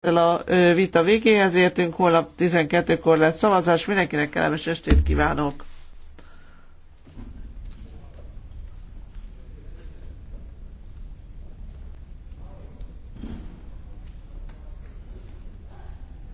ezzel a vita végéhez értünk, holnap 12-kor lesz szavazás, mindenkinek kellemes estét kívánok!